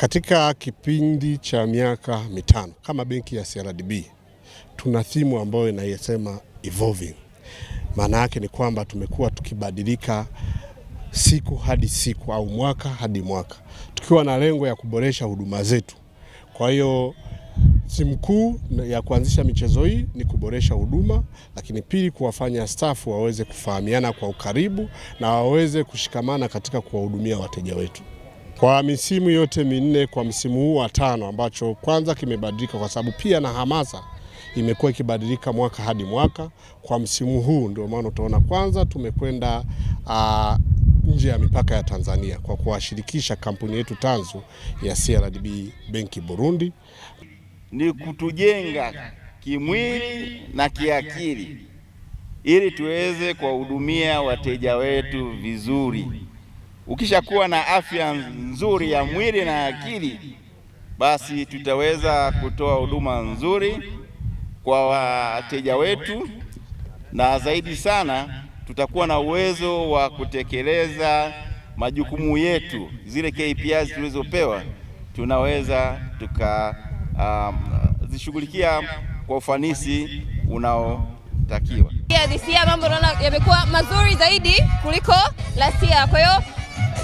Katika kipindi cha miaka mitano kama benki ya CRDB tuna thimu ambayo inayesema evolving. Maana yake ni kwamba tumekuwa tukibadilika siku hadi siku au mwaka hadi mwaka, tukiwa na lengo ya kuboresha huduma zetu. Kwa hiyo simu kuu ya kuanzisha michezo hii ni kuboresha huduma, lakini pili, kuwafanya stafu waweze kufahamiana kwa ukaribu na waweze kushikamana katika kuwahudumia wateja wetu kwa misimu yote minne, kwa msimu huu wa tano, ambacho kwanza kimebadilika kwa sababu pia na hamasa imekuwa ikibadilika mwaka hadi mwaka. Kwa msimu huu ndio maana utaona kwanza tumekwenda ah, nje ya mipaka ya Tanzania kwa kuwashirikisha kampuni yetu tanzu ya CRDB Benki Burundi. Ni kutujenga kimwili na kiakili ili tuweze kuwahudumia wateja wetu vizuri. Ukishakuwa na afya nzuri ya mwili na akili, basi tutaweza kutoa huduma nzuri kwa wateja wetu, na zaidi sana tutakuwa na uwezo wa kutekeleza majukumu yetu, zile KPIs tulizopewa tunaweza tukazishughulikia um, kwa ufanisi unaotakiwa. This year mambo naona yamekuwa mazuri zaidi kuliko last year, kwa hiyo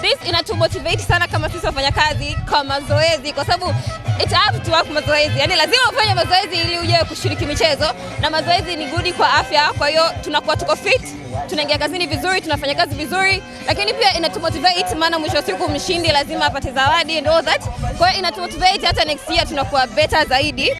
This inatumotivate sana kama sisi wafanyakazi kwa mazoezi, kwa sababu it have to work mazoezi, yani lazima ufanye mazoezi ili uje kushiriki michezo, na mazoezi ni good kwa afya. Kwa hiyo tunakuwa tuko fit, tunaingia kazini vizuri, tunafanya kazi vizuri, lakini pia inatumotivate, maana mwisho wa siku mshindi lazima apate zawadi and all that. Kwa hiyo inatumotivate hata next year tunakuwa better zaidi.